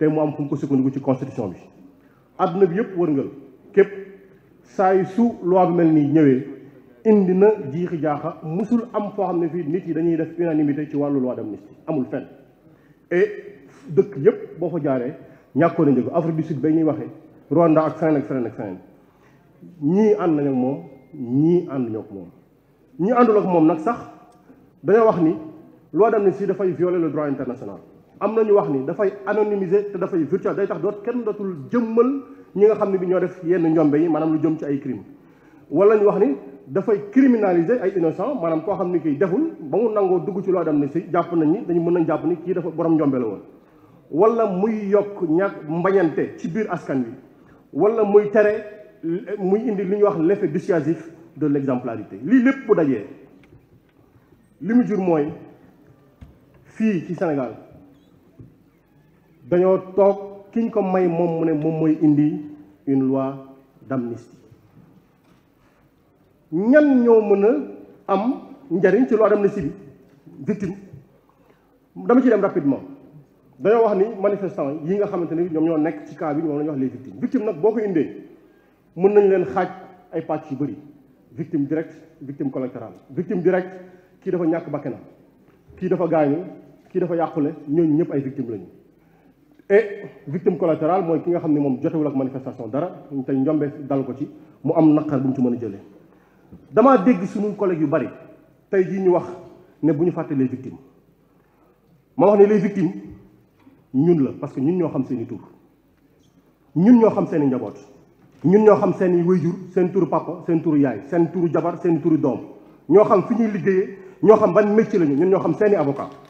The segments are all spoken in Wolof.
te mu am fu mu ko sukkandiku ci constitution bi àdduna bi yëpp wërngal képp saa yu su loi bi mel nii ñëwee indi na jiixi jaaxa musul am foo xam ne fii nit yi dañuy def unanimité ci wàllu loi d'amnistie amul fenn et dëkk yëpp boo fa jaaree ñàkkoon a njëgu Afrique du Sud bay ñuy waxee Rwanda ak feneen ak feneen ak feneen ñii ànd nañu moom ñii ànd ñoo moom ñii àndul ak moom nag sax dañoo wax ni loi d'amnistie dafay violer le droit international am ñu wax ni da fay anonymiser te da fay virtuel day tax doot kenn dootul jëmmal ñi nga xamni bi ñoo def yenn ñombe yi manam lu jëm ci ay crime wala ñu wax ni da fay criminaliser ay innocents manam ko xamni ni deful ba mu nango dugg ci lo dem ni si jàpp nañ ni dañu mëna japp ni ki dafa borom ñombe la woon wala muy yok ñak mbañante ci biir askan wi wala muy téré muy indi li ñuy wax l'effet dissuasif de l'exemplarité li lepp bu dajé limu mu jur mooy fii ci Sénégal dañoo toog kiñ ko may moom mu ne moom mooy indi une loi d'amnistie ñan ñoo mën a am njariñ ci loi d'amnistie bi victime dama ciy dem rapidement dañoo wax ni manifestant yi nga xamante ni ñoom ñoo nekk ci cas bi moom la wax les victimes victime nag boo ko indee mën nañu leen xaaj ay pàcc yu bëri victime direct victime collatérale victime direct kii dafa ñàkk bakkanam kii dafa gaañu kii dafa yàqule ñooñu ñëpp ay victime lañu et victime collatérale mooy ki nga xam ne moom jotewul ak manifestation dara tey njombe dal ko ci mu am naqar bu mu ci mën a jële damaa dégg suñu collègues yu bari tey jii ñu wax ne bu ñu fàtte les victimes ma wax ne les victimes ñun la parce que ñun ñoo xam seen i tur ñun ñoo xam seen i njaboot ñun ñoo xam seen i wayjur seen turu papa seen turu yaay seen turu jabar seen turu doom ñoo xam fi ñuy liggéeyee ñoo xam ban métier lañu ñu ñun ñoo xam seeni i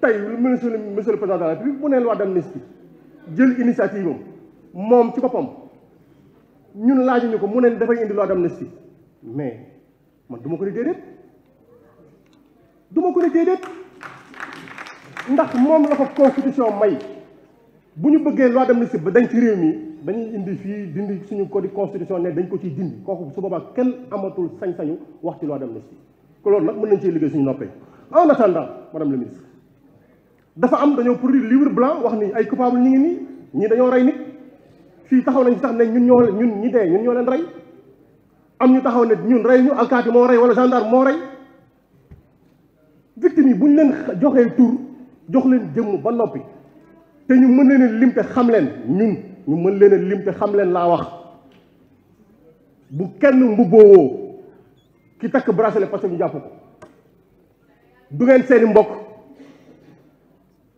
tey monsieur monsieur le président de la République mu ne loi jël initiative am moom ci boppam ñun laajuñu ko mu ne dafay indi loi d'amnistie mais man duma ko ne déedéet du ma ko ne déedéet ndax moom la ko constitution may bu ñu bëggee loi d'amnistie ba dañ ci réew mi dañuy indi fii dindi suñu code constitution ne dañ ko ciy dind kooku su boobaa kenn amatul sañ-sañu wax ci loi d'amnistie ko loolu nag mën nañ cee liggéey suñu noppee en attendant madame le ministre dafa am dañoo dire livre blanc wax ni ay coupable ñi ngi ni ñi dañoo ray nit fi taxaw nañ sax ne ñun ñoo ñun ñi dé ñun ñoo leen ray am ñu taxaw ne ñun ray ñu alkaati mo ray wala gendarme mo ray victime buñ leen joxé tour jox leen jëm ba nopi té ñu mën leen limpé xam leen ñun ñu mën leen limpé xam leen la wax bu kenn mbubboo ki tak bracelet parce que ñu jàpp ko du ngeen seeni mbokk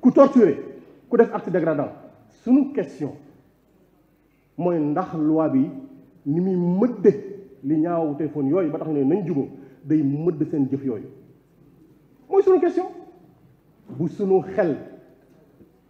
ku torturé ku def acte dégradant suñu question mooy ndax loi bi ni mi mëdde li ñaaw téléphone yoy ba tax né nañ jubóo day mëdd sen jëf yoy moy suñu question bu suñu xel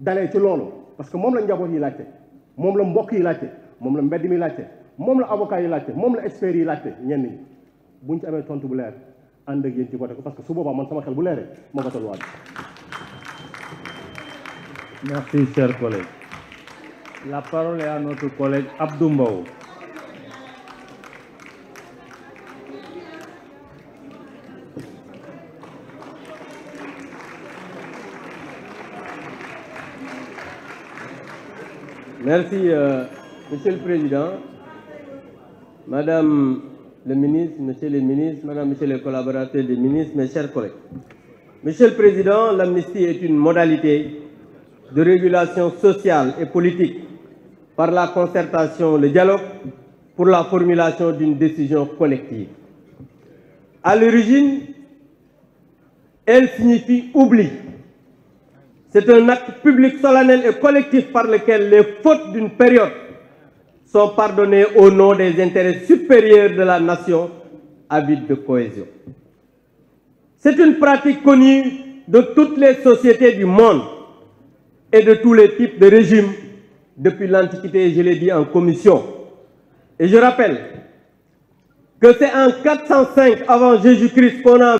dalé ci loolu parce que mom la njaboot yi laccé mom la mbokk yi laccé mom la mbedd mi laajte moom la avocat yi laccé mom la expert yi laccé ñenn ñi buñ ci amee tontu bu leer ànd ak yéen ci voté parce que su boba man sama xel bu léré mo voté loi bi Merci, chers collègues. La parole est à notre collègue Abdoumbao. Merci, euh, Monsieur le Président, Madame le Ministre, Monsieur les ministres, Madame, Monsieur les collaborateurs des ministres, mes chers collègues. Monsieur le Président, l'amnistie est une modalité de régulation sociale et politique par la concertation, le dialogue, pour la formulation d'une décision collective. À l'origine, elle signifie oubli. C'est un acte public solennel et collectif par lequel les fautes d'une période sont pardonnées au nom des intérêts supérieurs de la nation à but de cohésion. C'est une pratique connue de toutes les sociétés du monde et de tous les types de régimes depuis l'Antiquité, je l'ai dit en commission. Et je rappelle que c'est en 405 avant Jésus-Christ qu'on a